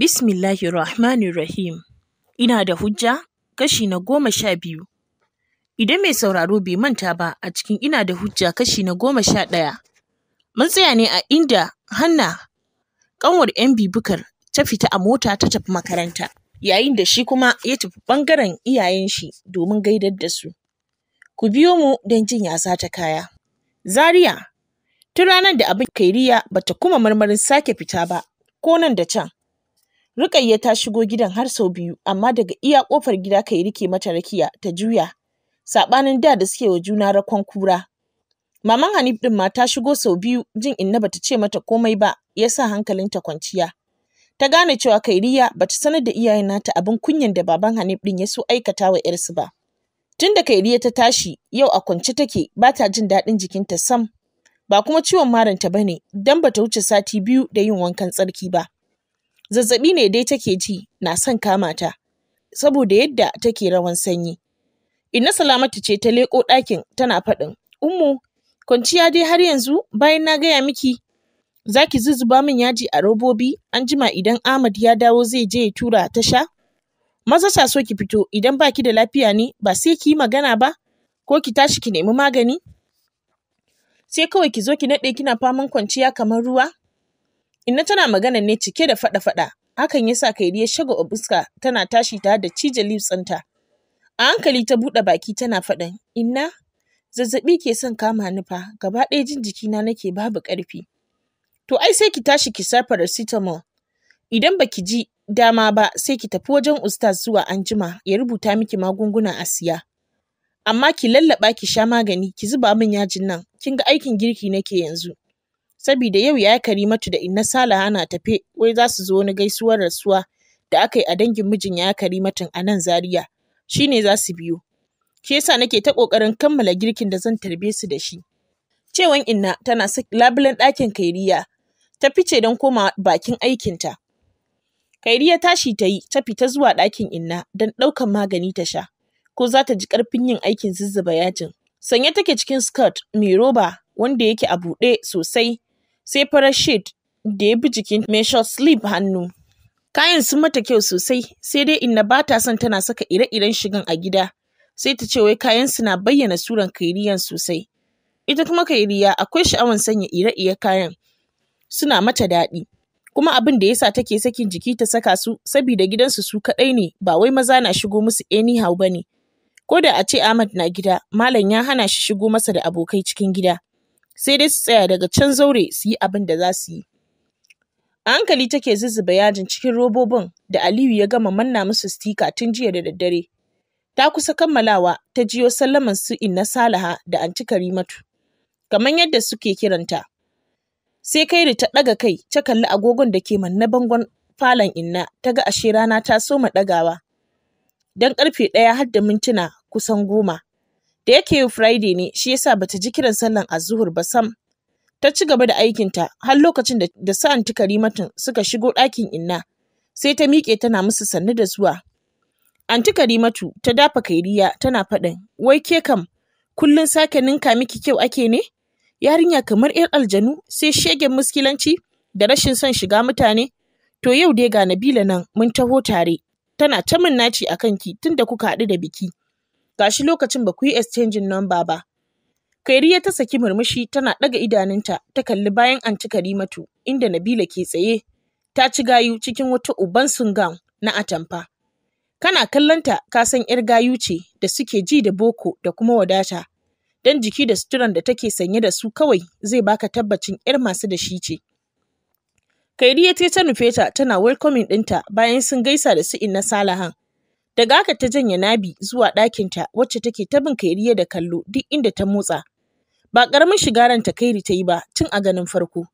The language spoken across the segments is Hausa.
Bismillahi Rahim. Ina da hujja kashi na goma sha biyu. Idan mai sauraro bai manta ba a cikin ina da hujja kashi na goma sha ɗaya. Mun tsaya ne a inda Hanna ƙanwar ‘yan bibukar ta fita a mota ta tafi makaranta, yayin da shi kuma ya tafi ɓangaren iyayen shi domin gaidar da su. Ku biyo mu don jin ya ta kaya. Zaria, tun ranar da abin kairiya bata kuma marmarin sake fita ba, ko nan da can. Rukayya ta shigo gidan har sau biyu, amma daga iya ƙofar gida kai rike mata rakiya ta juya, saɓanin da da suke wa juna rakon kura. Maman Hanif ɗin ma ta shigo sau biyu jin inna bata ce mata komai ba, ya sa hankalinta kwanciya. Ta gane cewa Kairiya bata sanar da iyayen nata abin kunyan da baban Hanif ɗin ya so aikata wa ‘yarsu ba. Tunda Kairiya ta tashi, yau a kwance take ba ta jin daɗin jikinta sam, ba kuma ciwon maranta ba ne, don bata wuce sati biyu da yin wankan tsarki ba. zazzabi ne dai take ji na son kama ta, saboda yadda take rawan sanyi. Inna Salamatu ce ta leƙo ɗakin tana faɗin, Ummu, kwanciya dai har yanzu bayan na gaya miki za ki zuzzuba min yaji a robobi an jima idan Ahmad ya dawo zai je ya tura ta sha? Maza sa so ki fito idan ba ki da lafiya ne ba sai ki magana ba ko ki tashi ki nemi magani? Sai kawai ki zo ki naɗe kina faman kwanciya kamar ruwa? Inna tana magana ne cike da faɗa-faɗa, hakan ya sa Kairi ya shago a tana tashi ta da cije lips ɗinta. A hankali ta buɗe baki tana faɗin, Inna, zazzaɓi ke son kama ni fa, gaba ɗaya jin jikina nake babu ƙarfi. To ai sai ki tashi ki sa paracetamol. Idan baki ji dama ba sai ki tafi wajen ustaz zuwa anjima ya rubuta miki magunguna a siya. Amma ki lallaɓa ki sha magani ki zuba min yajin nan, kin ga aikin girki nake yanzu. saboda yau ya kari matu da Inna Salaha na tafe wai za su zo wani gaisuwar rasuwa da aka yi a dangin mijin ya kari matu a nan Zariya, shine ne za su biyo. Shi yasa nake ta ƙoƙarin kammala girkin da zan tarbe su da shi. Cewan Inna tana labulen ɗakin Kairiya, ta fice don koma bakin aikinta. Kairiya tashi ta yi ta fita zuwa ɗakin Inna don ɗaukan magani ta sha, ko za ta ji ƙarfin yin aikin zuzzuba yajin. Sanye take cikin skirt mai roba wanda yake a buɗe sosai sai farar shade da ya bi jikin mai short hannu. Kayan sun mata kyau sosai, sai dai inna ba ta son tana saka ire-iren shigan a gida, sai ta ce wai kayan suna bayyana suran kairiyan sosai. Ita kuma kairiya akwai sha'awan sanya ire iren kayan, suna mata daɗi. Kuma abin da yasa take sakin jiki ta saka su, sabida gidansu su kaɗai ne, ba wai maza na shigo musu anyhow ba ne. Ko da a ce Ahmad na gida, Malam ya hana shi shigo masa da abokai cikin gida. sai dai su tsaya daga can zaure su yi abin da za su yi. A hankali take zuzzuba yajin cikin robobin da Aliyu ya gama manna musu stika tun jiya da daddare. Ta kusa kammalawa ta jiyo sallaman su inna Salaha da anti Karimatu, kamar yadda suke kiranta. Sai kai da ta ɗaga kai ta kalli agogon da ke manna bangon falon inna ta ga ashe rana ta soma ɗagawa. Don ƙarfe ɗaya har da mintuna kusan goma. da yake yau Friday ne shi yasa bata ji kiran sallan azuhur ba sam. Ta ci gaba da aikin ta har lokacin da, da su anti Karimatu suka shigo ɗakin inna sai ta miƙe tana musu sannu da zuwa. Anti Karimatu ta dafa kairiya tana faɗin wai ke kam kullum sake ninka miki kyau ake ne? Yarinya kamar 'yar aljanu sai shegen muskilanci da rashin son shiga mutane. To yau dai ga Nabila nan mun taho tare tana ta min naci a tunda kuka haɗu da biki. gashi lokacin ba ku yi exchanging number ba. Kairiya ta saki murmushi tana ɗaga idanunta ta kalli bayan anti Karimatu inda Nabila ke tsaye. Ta ci gayu cikin wata uban sungan na atamfa. Kana kallonta ka san ‘yar gayu ce da suke ji da boko da kuma wadata. Dan jiki da suturan da take sanye da su kawai zai baka tabbacin ‘yar masu da shi ce. Kairiya ta ta nufe ta tana welcoming ɗinta bayan sun gaisa da su inna Salahan. Daga haka ta janye Nabi zuwa ɗakinta wacce take ta bin Kairiye da kallo duk inda ta motsa. Ba ƙaramin shiga ta Kairi ta yi ba tun a ganin farko.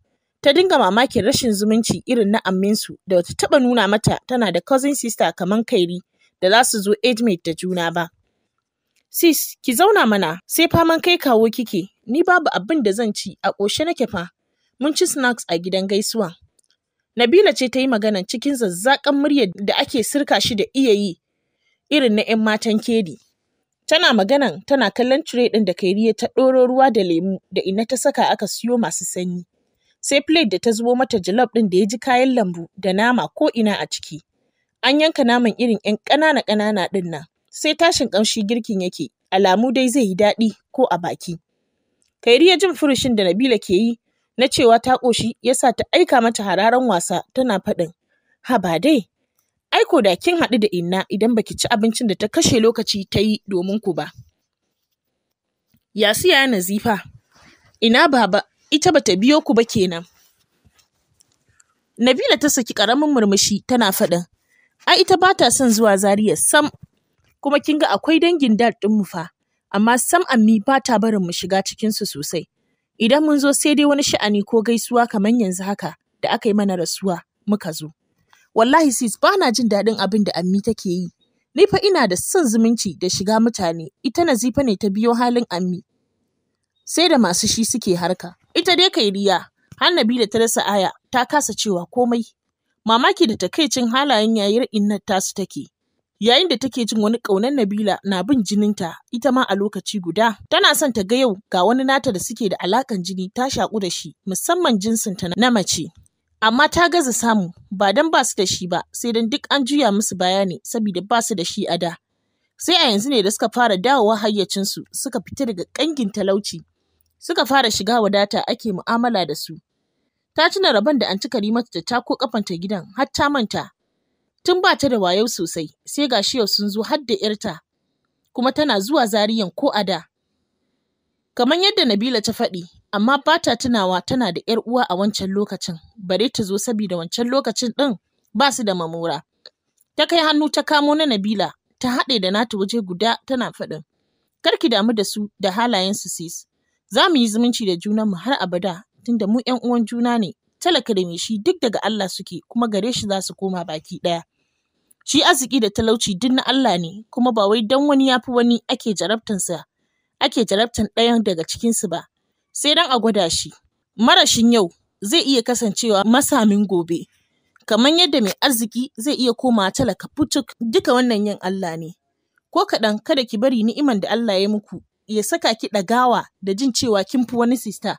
Ta dinga mamakin rashin zumunci irin na amminsu da wata taɓa nuna mata tana da cousin sister kamar Kairi da za su zo age da juna ba. Sis, ki zauna mana, sai faman kai kawo kike, ni babu abin da zan ci a ƙoshe nake fa. Mun ci snacks a gidan gaisuwa. Nabila ce ta yi maganan cikin zazzaƙan muryar da ake sirka shi da iya yi irin na 'yan matan Kedi. Tana maganan tana kallon tire ɗin da kairiya ta ɗoro ruwa da lemu da ina ta saka aka siyo masu sanyi. Sai plate da ta zubo mata jalof ɗin da ya ji kayan lambu da nama ko ina a ciki. An yanka naman irin 'yan ƙanana ƙanana ɗin nan. Sai tashin ƙamshi girkin yake, alamu dai zai yi daɗi ko a baki. kairiya jin furushin da Nabila ke yi na cewa ta ƙoshi ya sa ta aika mata hararan wasa tana faɗin. Haba dai, Aiko da kin haɗu da inna idan baki ci abincin da ta kashe lokaci ta yi domin ku ba. Yasiya Nazifa, ina baba, ita bata biyo ku ba kenan. Nabila ta saki ƙaramin murmushi tana faɗin, ai ita ba ta son zuwa Zariya, sam, kuma kin ga akwai dangin ɗin ɗinmu fa, amma sam ammi ba ta barin mu shiga cikinsu sosai. Idan mun zo sai dai wani sha'ani ko gaisuwa kamar yanzu haka da aka yi mana rasuwa muka zo. Wallahi sis ba na jin daɗin abin da Ammi take yi. Ni fa ina da son zumunci da shiga mutane, ita Nazifa ne ta biyo halin Ammi. Sai da masu shi suke harka. Ita dai kai riya, har Nabila ta rasa aya, ta kasa cewa komai. Mamaki da takaicin halayen yayar innar su take. Yayin da take jin wani ƙaunar Nabila na bin jininta, ita ma a lokaci guda. Tana son ta ga yau ga wani nata da suke da alakan jini ta shaƙu da shi, musamman jinsinta na mace. amma ta gaza samu ba don ba su da shi ba sai don duk an juya musu bayani saboda ba su da shi a da sai a yanzu ne da suka fara dawowa hayyacinsu suka fita daga ƙangin talauci suka fara shiga wadata ake mu'amala da su ta tuna rabon da an ci karimatu da ta ko kafanta gidan har ta manta tun ba ta da wayo sosai sai gashi yau sun zo har da 'yarta kuma tana zuwa zariyan ko a da Kamar yadda Nabila ta faɗi, amma ba ta tunawa tana da ‘yar uwa a wancan lokacin, bare ta zo saboda wancan lokacin ɗin ba su da mamura. Ta kai hannu ta kamo na Nabila, ta haɗe da nata waje guda tana faɗin. Karki damu da su da halayensu sis. Za mu yi zumunci da mu har abada, tunda mu ‘yan uwan juna ne, talaka da shi duk daga Allah suke kuma gare shi za su koma baki ɗaya. Shi arziki da talauci duk na Allah ne, kuma ba wai don wani ya fi wani ake jarabtansa ake jarabtan ɗayan daga cikinsu ba, sai don a gwada shi. Marashin yau zai iya kasancewa masamin gobe, kamar yadda mai arziki zai iya komawa talaka putuk duka wannan yin Allah ne. Ko kaɗan kada ki bari ni'iman da Allah ya muku ya saka ki ɗagawa da jin cewa kin fi wani sista.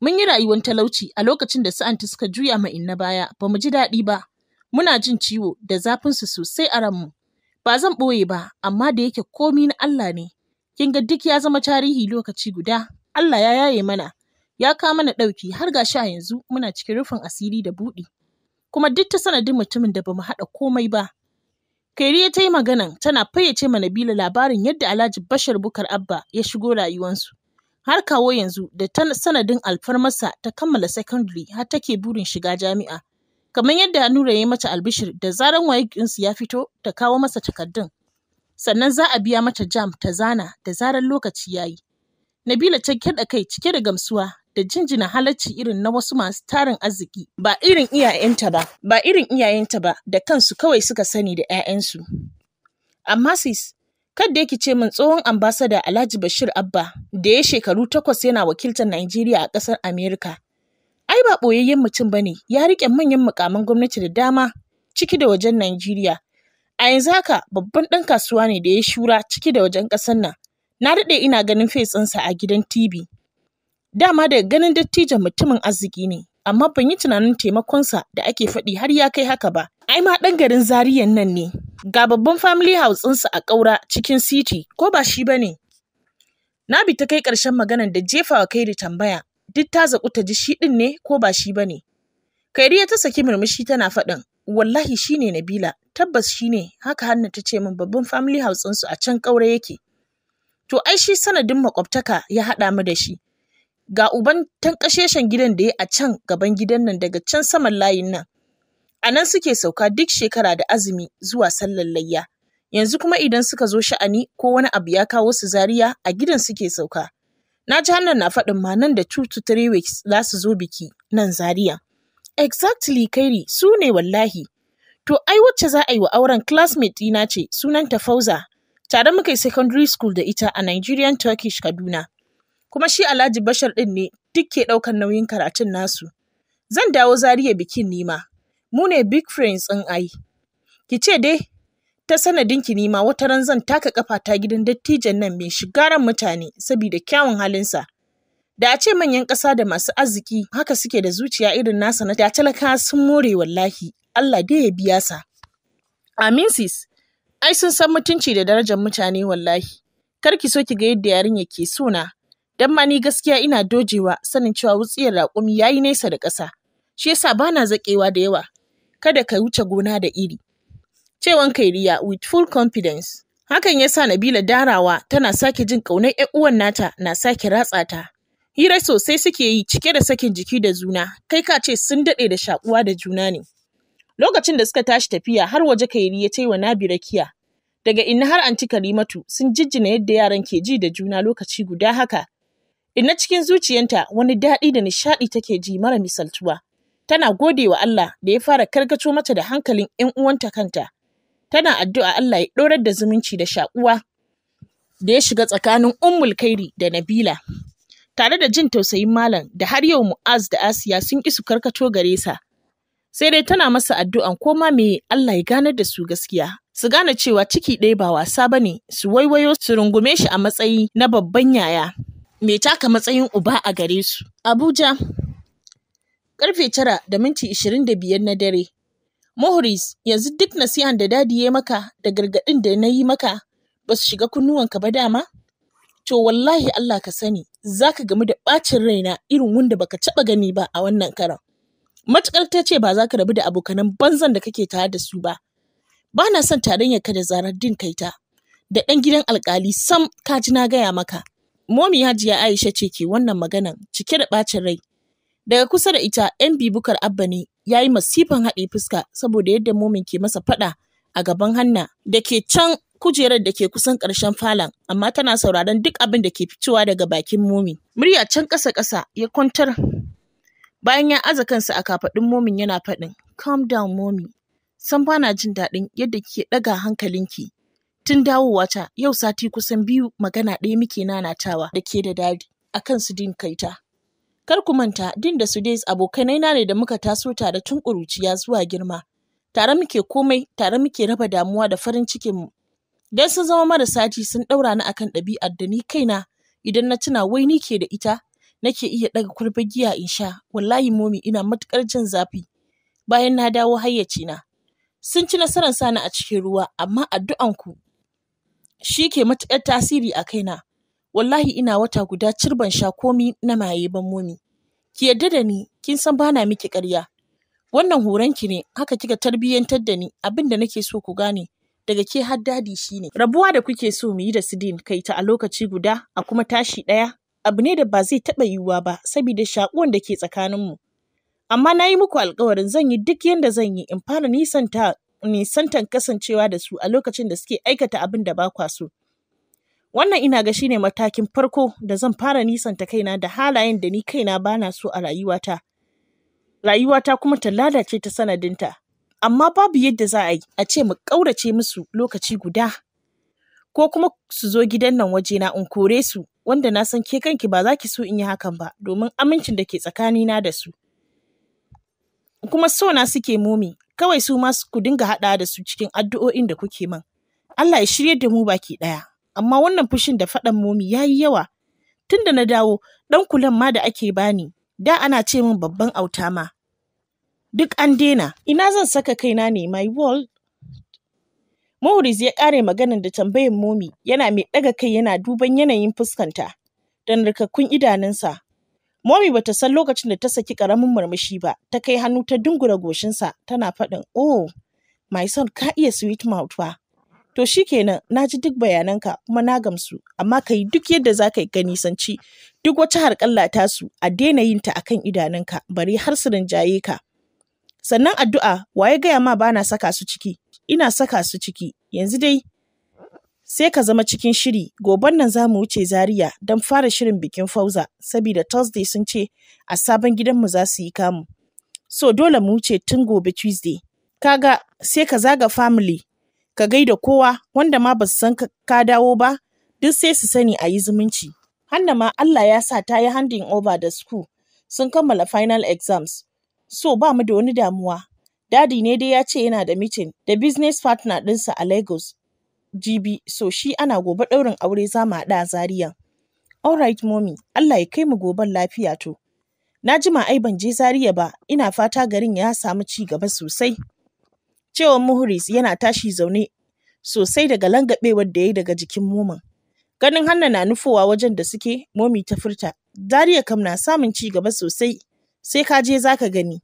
Mun yi rayuwar talauci a lokacin da su 'anti suka juya ma inna baya, ba mu ji daɗi ba. Muna jin ciwo da zafinsu sosai a ranmu. Ba zan ɓoye ba, amma da yake komi na Allah ne, kin ga duk ya zama tarihi lokaci guda Allah ya yaye mana ya ka mana ɗauki har ga sha yanzu muna cikin rufin asiri da buɗi kuma duk ta sanadin mutumin da bamu haɗa komai ba ya ta yi maganan tana fayyace mana bila labarin yadda Alhaji Bashar Bukar Abba ya shigo rayuwansu. Har kawo yanzu da ta sanadin alfarmasa ta kammala secondary har take burin shiga jami'a. Kamar yadda Nura ya mata albishir da zaran wayakinsu ya fito ta kawo masa takardun. sannan za a biya mata jam ta zana da zarar lokaci ya yi. Nabila ta kyaɗa kai cike da gamsuwa da jinjina halarci irin na wasu masu tarin arziki ba irin iyayenta ba, ba irin iyayenta ba da kansu kawai suka sani da 'ya'yansu. Amma sis, kadda yake ce min tsohon ambasada Alhaji Bashir Abba da ya shekaru takwas yana wakiltar Najeriya a ƙasar Amerika. Ai ba ɓoyayyen mutum ba ne, ya riƙe manyan mukaman gwamnati da dama ciki da wajen Najeriya. A yanzu haka babban ɗan kasuwa ne da ya shura ciki da wajen ƙasar nan. Na daɗe ina ganin fesinsa a gidan TV. Dama daga ganin dattijon mutumin arziki ne, amma ban yi tunanin taimakonsa da ake faɗi har ya kai haka ba. Ai ma ɗan garin Zariyan nan ne. Ga babban family house ɗinsa a ƙaura cikin city ko ba shi ba ne. Na bi ta kai ƙarshen maganar da jefawa da tambaya, duk ta zaƙu ta ji shi ɗin ne ko ba shi ba ne. ta saki murmushi tana faɗin, wallahi shi ne Nabila, tabbas shi ne haka Hanna ta ce min babban family house su a can ƙaura yake. To ai shi sanadin makwabtaka ya haɗa mu da shi. Ga uban tankasheshen gidan da ya a can gaban gidan nan daga can saman layin nan. A nan suke sauka duk shekara da azumi zuwa sallar layya. Yanzu kuma idan suka zo sha'ani ko wani abu ya kawo su Zariya, a gidan suke sauka. Na ji hannun na faɗin ma nan da 2 to 3 weeks za su zo biki nan Zariya. Exactly Kairi su ne wallahi. To ai wacce za a yi wa auren classmate dina ce sunanta Fauza. Tare muka yi secondary school da ita a Nigerian Turkish Kaduna. Kuma shi Alhaji Bashar ɗin ne duk ke ɗaukar nauyin karatun nasu. Zan dawo zariya bikin nima. Mu ne big friends in ai. Ki ce dai ta sanadin ki nima wata ran zan taka kafa ta gidan dattijan nan mai shigaran mutane saboda kyawun halinsa. Da a ce manyan ƙasa da masu arziki haka suke da zuciya irin nasa na da talaka sun more wallahi. Allah dai ya biya sa. Amin sis, ai sun san mutunci da darajar mutane wallahi. Kar ki so ki ga yadda yarinya ke suna. Dan ma ni gaskiya ina dojewa sanin cewa wutsiyar raƙumi ya yi nesa da ƙasa. Shi yasa bana zaƙewa da yawa. Kada ka wuce gona da iri. Cewan Kairiya with full confidence. Hakan ya sa Nabila darawa tana sake jin ƙaunar 'yan uwan nata na sake ratsa ta. Hira sosai suke yi cike da sakin jiki da juna, kai ka ce sun daɗe da shaƙuwa da juna ne. Lokacin da suka tashi tafiya har waje kairi ya taiwa wa Nabi rakiya. Daga inna har anti Karimatu sun jijjina yadda yaran ke ji da juna lokaci guda haka. Inna cikin zuciyanta wani daɗi da nishaɗi take ji mara misaltuwa. Tana gode wa Allah da ya fara karkato mata da hankalin ‘yan uwanta kanta. Tana addu'a Allah ya ɗorar da zumunci da shaƙuwa da ya shiga tsakanin Ummul Kairi da Nabila. Tare da jin tausayin Malam da har yau Mu'az da Asiya sun ƙi karkato gare sa. sai dai tana masa addu'an koma me Allah ya ganar da su gaskiya. Su gane cewa ciki ɗaya ba wasa ba ne, su waiwayo su rungume shi a matsayi na babban yaya, mai taka matsayin uba a gare su. Abuja, ƙarfe tara da minti ishirin da biyar na dare. Mohris, yanzu duk nasihan da dadi ya maka da gargaɗin da na yi maka ba su shiga kunnuwanka ba dama? To wallahi Allah ka sani, za ka gamu da ɓacin raina irin wanda baka taɓa gani ba a wannan karan. Matuƙar ta ce ba za ka rabu da abokanan banzan da kake tare da su ba. Ba na son tarayyar ka da zarar din kai ta. Da ɗan gidan alƙali sam ka ji na gaya maka. Momi Hajiya Aisha ce ke wannan maganan cike da ɓacin rai. Daga kusa da ita, ‘yan bibukar Abba ne ya yi masifan haɗe fuska saboda yadda momin ke masa faɗa a gaban Hanna da ke can kujerar da ke kusan ƙarshen falon, amma tana sauraron duk abin da ke fitowa daga bakin momi. Murya can ƙasa-ƙasa ya kwantar Bayan ya aza kansa a kafaɗun momin yana faɗin, Calm down momi, san bana jin daɗin yadda kike ɗaga hankalinki. Tun dawowa ta yau sati kusan biyu magana ɗaya muke nanatawa da ke da dadi a kan su din kaita. Kar ku manta din da su dai abokanai na ne da muka taso tare tun ƙuruciya zuwa girma. Tare muke komai, tare muke raba damuwa da farin cikin mu. Dan sun zama marasa ji sun ɗaura ni akan ɗabi'ar da ni kaina idan na tuna wai ni ke da ita nake iya ɗaga kwalbar giya in sha wallahi momi ina matuƙar jin zafi bayan na dawo hayyacina sun ci nasarar sani a cikin ruwa amma addu'anku shi ke matuƙar tasiri a kaina wallahi ina wata guda cirban sha komi na maye ban momi ki yadda da ni kin san bana miki ƙarya wannan ki ne haka kika tarbiyyantar da ni abin da nake so ku gane daga ke har dadi shine rabuwa da kuke so mu yi da sidin kai ta a lokaci guda a kuma tashi ɗaya abu ne da ba zai taɓa yiwuwa ba saboda shaƙuwan da ke tsakaninmu. Amma na yi muku alkawarin zan yi duk yadda zan yi in fara nisanta nisantan kasancewa da su a lokacin da suke aikata abin da ba kwa so. Wannan ina ga shine matakin farko da zan fara nisanta kaina da halayen da ni kaina bana so a rayuwata. Rayuwata kuma ta lalace ta sanadinta. Amma babu yadda za a yi a ce mu ƙaurace musu lokaci guda ko kuma su zo gidan nan waje na in kore su wanda na san ke kanki ba za ki so in yi hakan ba domin amincin da ke tsakanina da su. Kuma so na suke momi, kawai su ma ku dinga haɗa da su cikin addu'o'in da kuke min. Allah ya shirye da mu baki ɗaya, amma wannan fushin da faɗan momi ya yi yawa. Tunda na dawo, ɗan kulan ma da ake bani, da ana ce min babban auta ma. Duk an dena, ina zan saka kaina ne my world Maurice ya kare maganar da tambayin Momi yana mai ɗaga kai yana duban yanayin fuskanta da narkakkun idanunsa. Momi ba ta san lokacin da ta saki ƙaramin murmushi ba, ta kai hannu ta dungura goshinsa tana faɗin, "Oh, my son ka iya sweet mouth ba." To shi kenan, na ji duk bayananka kuma na gamsu, amma ka yi duk yadda za ka yi gani sanci, duk wata harƙalla su a daina yin ta akan idanunka, bari har su rinjaye ka. Sannan addu'a, waye gaya ma bana saka su ciki, ina saka su ciki, yanzu dai sai ka zama cikin shiri, goben nan za mu wuce Zaria don fara shirin bikin Fauza, saboda Thursday sun ce a sabon gidanmu za su yi kamu. So dole mu wuce tun gobe Tuesday. Kaga sai ka zaga family, ka gaida kowa wanda ma ba su san ka dawo ba, duk sai su sani a yi zumunci. Hanna ma Allah ya sa ta yi handing over da school sun kammala final exams. So ba mu da wani damuwa, Dadi ne dai ya ce yana da mitin da business partner ɗinsa a Lagos jibi so shi ana gobe ɗaurin aure za mu haɗu a Zariyan. Alright mommy, Allah ya kai mu goben lafiya to. Na jima ai ban je Zariya ba, ina fata garin ya samu ci gaba sosai. Cewa Muhuris yana tashi zaune sosai daga langaɓewar da ya yi daga jikin moman. Ganin Hanna na nufowa wajen da suke, momi ta furta. Zariya kam na samun ci gaba sosai, sai ka je za ka gani.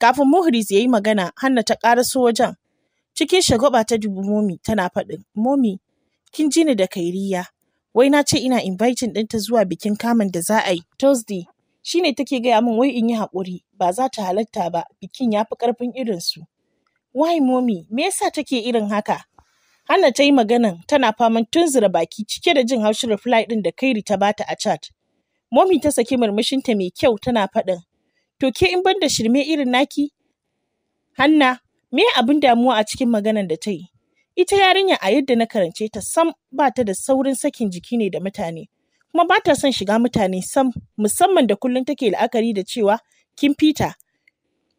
Kafin Muhris ya yi magana, Hanna ta su wajen. Cikin shagaba ta dubi Momi tana faɗin, Momi, kin ji ni da kairiya. Wai na ce ina inviting ɗinta zuwa bikin kamun da za a yi Thursday. Shi ne take gaya min wai in yi haƙuri, ba za ta halatta ba, bikin ya fi ƙarfin su. Wai Momi, me yasa take irin haka? Hanna ta yi maganan tana faman tunzura baki cike da jin haushin reply ɗin da Kairi ta bata a chat. Momi ta saki murmushinta mai kyau tana faɗin, To ke in da shirme irin naki? Hanna, me abin damuwa a cikin maganar da ta yi? Ita yarinya a yadda na karance ta sam ba ta da saurin sakin jiki ne da mutane, kuma ba ta son shiga mutane sam musamman da kullum take la'akari da cewa kin fita.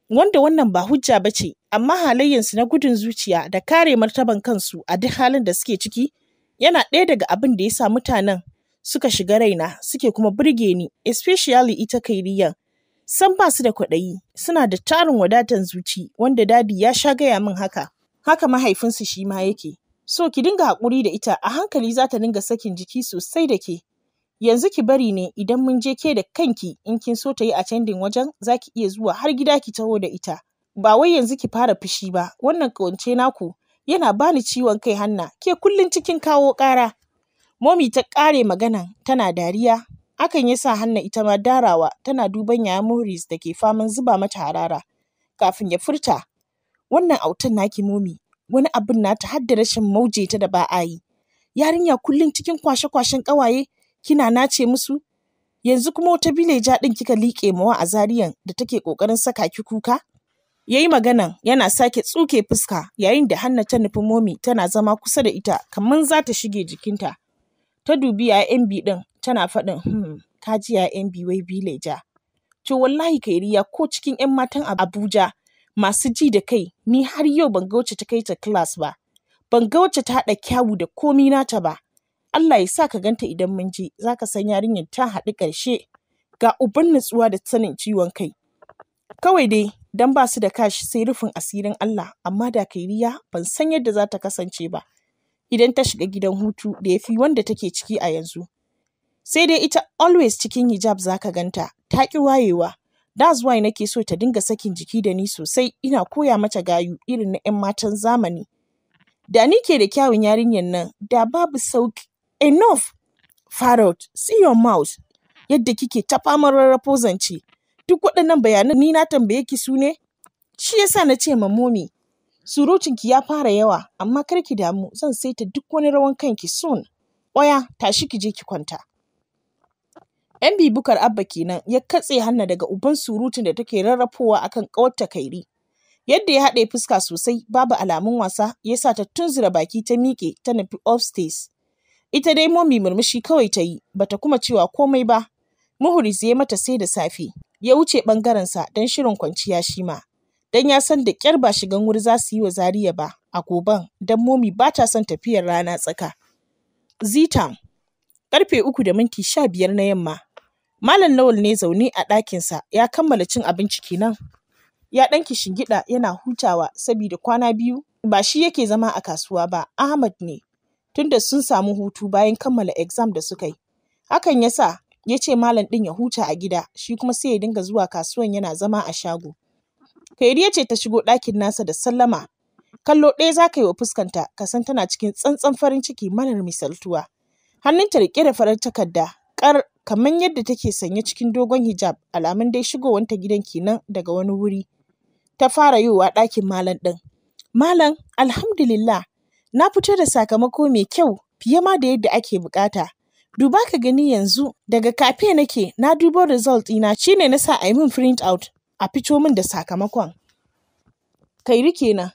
Wanda wannan ba hujja ba ce, amma halayyansu na gudun zuciya da kare martaban kansu a duk halin da suke ciki yana ɗaya daga abin da ya sa mutanen suka shiga raina suke kuma burge ni, especially ita kairiyan san ba su da kwaɗayi, suna da tarin wadatan zuci wanda dadi ya sha gaya min haka. Haka mahaifinsu shi ma yake. So ki dinga haƙuri da ita a hankali za ta dinga sakin jiki sosai da ke. Yanzu ki bari ne idan mun je ke da kanki in kin so ta yi a candin wajen za ki iya zuwa har gida ki taho da ita. Ba wai yanzu ki fara fushi ba, wannan ƙawance naku yana bani ciwon kai hanna, ke kullum cikin kawo ƙara. Momi ta ƙare magana tana dariya Hakan ya sa hannu ita ma darawa tana duban yaya Maurice da ke faman zuba mata harara kafin ya furta, Wannan autan naki momi, wani abin na ta hadda rashin mauje ta da ba a yi. Yarinya kullum cikin kwashe-kwashen ƙawaye kina nace musu, yanzu kuma wata bileja ɗin kika liƙe mawa a zariyan da take ƙoƙarin saka ki kuka? Ya yi maganan yana sake tsuke fuska yayin da Hanna ta nufi momi tana zama kusa da ita kamar za ta shige jikinta. Ta dubi a MB ɗin tana faɗin hmm ka ji ya yan biwai bileja. To wallahi kairiya ko cikin 'yan matan Abuja masu ji da kai ni har yau ban ga wacce ta kai ta class ba. Ban ga wacce ta haɗa kyawu da komi nata ba. Allah ya sa ka ganta idan mun je za ka san yarinyar ta haɗu ƙarshe. Ga uban nutsuwa da sanin ciwon kai. Kawai dai don ba su da kashi sai rufin asirin Allah amma da kairiya ban san yadda za ta kasance ba. Idan ta shiga gidan hutu da ya fi wanda take ciki a yanzu. Sai dai ita always cikin hijab za ka ganta, ta ƙi wayewa. That's why nake so ta dinga sakin jiki da ni sosai, ina koya mata gayu irin na 'yan matan zamani. Da ni ke da kyawun yarinyar nan, da babu sauƙi. Enough! Farot, see your mouth. Yadda kike ta famar rarrafo zance. Duk waɗannan bayanan ni na tambaye ki su ne? Shi yasa na ce Mamomi. surucinki ya fara yawa, amma kar ki damu, zan saita duk wani rawan kanki soon. Oya, tashi ki je ki kwanta. Yan bibukar Abba kenan ya katse hannu daga uban surutun da take rarrafowa akan kawarta Kairi. Yadda ya haɗe fuska sosai babu alamun wasa ya sa ta tunzura baki ta miƙe ta nufi upstairs. Ita dai momi murmushi kawai ta yi bata kuma cewa komai ba. Muhuris zai mata sai da safe ya wuce ɓangarensa don shirin kwanciya shi ma. Don ya san da ƙyar ba shigan wuri za su yi wa Zariya ba a goban don momi ba ta son tafiyar rana tsaka. Zitam Karfe uku da minti sha biyar na yamma Malam Lawal ne zaune a ɗakinsa ya kammala cin abinci kenan. Ya ɗan kishin gida, yana hutawa saboda kwana biyu ba shi yake zama a kasuwa ba, Ahmad ne, tunda sun samu hutu bayan kammala exam da suka yi. Hakan ya sa ya ce malam ɗin ya huta a gida, shi kuma sai ya dinga zuwa kasuwan yana zama a shago. Kairiya ce ta shigo ɗakin nasa da sallama. Kallo ɗaya za ka yi wa fuskanta, ka san tana cikin tsantsan farin ciki mana misaltuwa. Hannunta riƙe da farar takarda Matuƙar kamar yadda take sanye cikin dogon hijab alamun dai shigowanta gidan kenan daga wani wuri, ta fara yowa ɗakin malam ɗin. Malam, alhamdulillah, na fito da sakamako mai kyau fiye ma da yadda ake buƙata. Duba ka gani yanzu, daga kafe nake na dubo result ɗina shine na sa a yi min print out a fito min da sakamakon. kai rike na.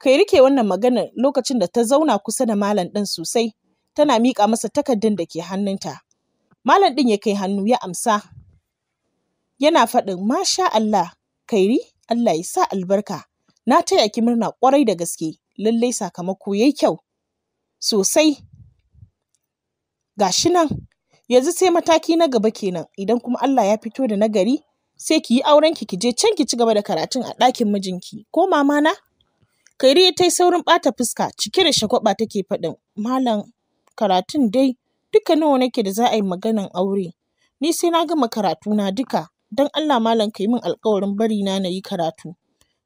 kai rike wannan maganar lokacin da ta zauna kusa da malam ɗin sosai, tana miƙa masa takardun da ke hannunta. Malam ɗin ya kai hannu ya amsa yana faɗin masha Allah kairi Allah ya sa albarka na taya ki murna kwarai da gaske lallai sakamako yayi kyau sosai gashi nan yanzu sai mataki na gaba kenan idan kuma Allah ya fito da nagari sai ki yi auren ki ki je can ki ci gaba da karatun a ɗakin mijinki ko mama na kairi ta yi saurin ɓata fuska cike da shagwaba take faɗin malam karatun dai duka nawa nake da za a yi maganan aure ni sai na gama karatu na duka don Allah malam ka yi min alƙawarin bari na na yi karatu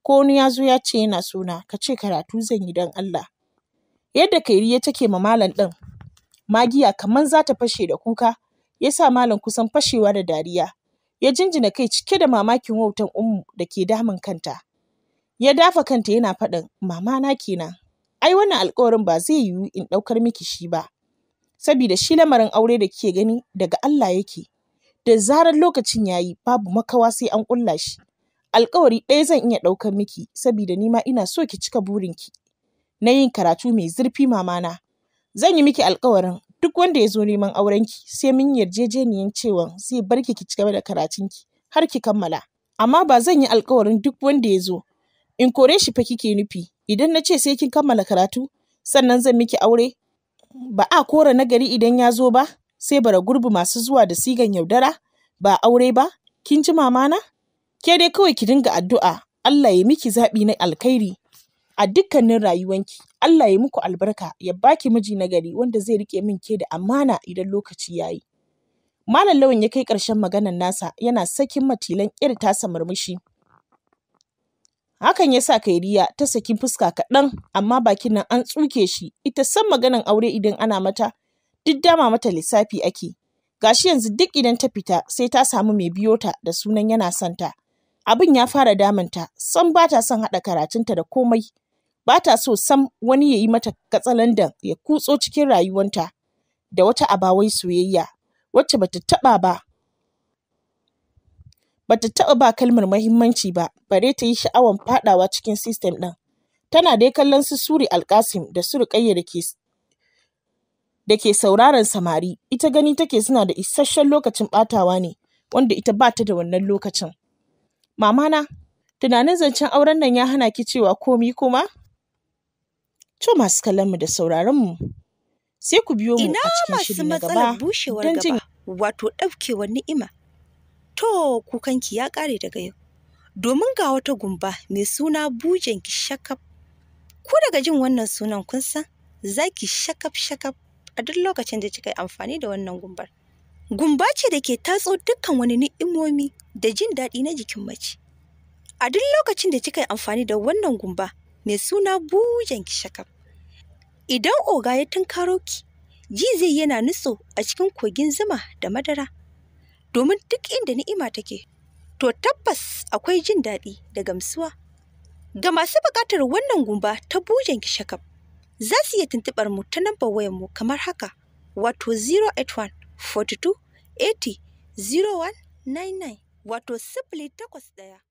ko wani ya zo ya ce yana sona ka ce karatu zan yi don Allah yadda kairiya take ma malam ɗin magiya kamar za ta fashe da kuka ya sa malam kusan fashewa da dariya ya jinjina kai cike da mamakin wautan ummu da ke damun kanta ya dafa kanta yana faɗin mama na kenan ai wannan alƙawarin ba zai yiwu in ɗaukar miki shi ba Sabida shi lamarin aure da kike gani daga Allah yake. Da zarar lokacin yayi babu makawa sai an kulla shi. Alƙawari ɗaya zan iya ɗaukar miki sabida ni ma ina so ki cika burinki na yin karatu mai zurfi mamana. Zan yi miki alƙawarin duk wanda ya zo neman aurenki sai mun yarjejeniyan cewa zai bar ki ki da karatunki har ki kammala. Amma ba zan yi alƙawarin duk wanda ya zo in kore shi fa kike nufi idan na ce sai kin kammala karatu sannan zan miki aure ba a kora nagari idan ya zo ba, sai bara gurbi masu zuwa da sigan yaudara, ba aure ba, kin ji mamana? Ke dai kawai ki dinga addu'a, Allah ya miki zaɓi na alkhairi a dukkanin rayuwanki. Allah ya muku albarka, ya baki miji nagari wanda zai rike min ke da amana idan lokaci ya yi. Malam Lawan ya kai ƙarshen maganar nasa yana sakin matilan irin tasa murmushi. Hakan ya sa Kairiya ta saki fuska kaɗan, amma bakin nan an tsuke shi, ita san maganan aure idan ana mata, duk dama mata lissafi ake. Gashi yanzu duk idan ta fita sai ta samu mai biyo ta da sunan yana son ta. Abin ya fara ta. sam ba ta son haɗa karatunta da komai. Ba ta so sam wani ya yi mata katsalandan ya kutso cikin rayuwanta da wata abawai soyayya wacce bata taɓa ba Ba ta taɓa ba kalmar mahimmanci ba, bare ta yi sha'awan faɗawa cikin sistem ɗin. Tana dai kallon su Suri Alƙasim da su Ruƙayya da ke sauraron samari, ita gani take suna da isasshen lokacin ɓatawa ne, wanda ita ba ta da wannan lokacin. Mamana, tunanin zancen auren nan ya hana ki cewa komi kuma? To masu kallonmu da sauraronmu, sai ku biyo mu a cikin shirin na gaba don jin wato ɗaukewar ni'ima To kukanki ya ƙare daga yau. Domin ga wata gumba mai suna bujen ki shakaf. Ku daga jin wannan sunan kun san za ki shakaf shakaf a duk lokacin da kika amfani da wannan gumbar. Gumba ce da ke tatso dukkan wani ni'imomi da jin daɗi na jikin mace. A duk lokacin da kika yi amfani da wannan gumba mai suna bujen ki shakaf. Idan oga ya tunkaro ki, ji zai yana nutso a cikin kogin zuma da madara. domin duk inda ni'ima take, to tabbas akwai jin daɗi da gamsuwa. Ga masu buƙatar wannan gumba ta bujen kishakaf, za su iya tuntuɓar mu ta nambar wayan mu kamar haka, wato 081 42 80 0199 wato sifili takwas ɗaya.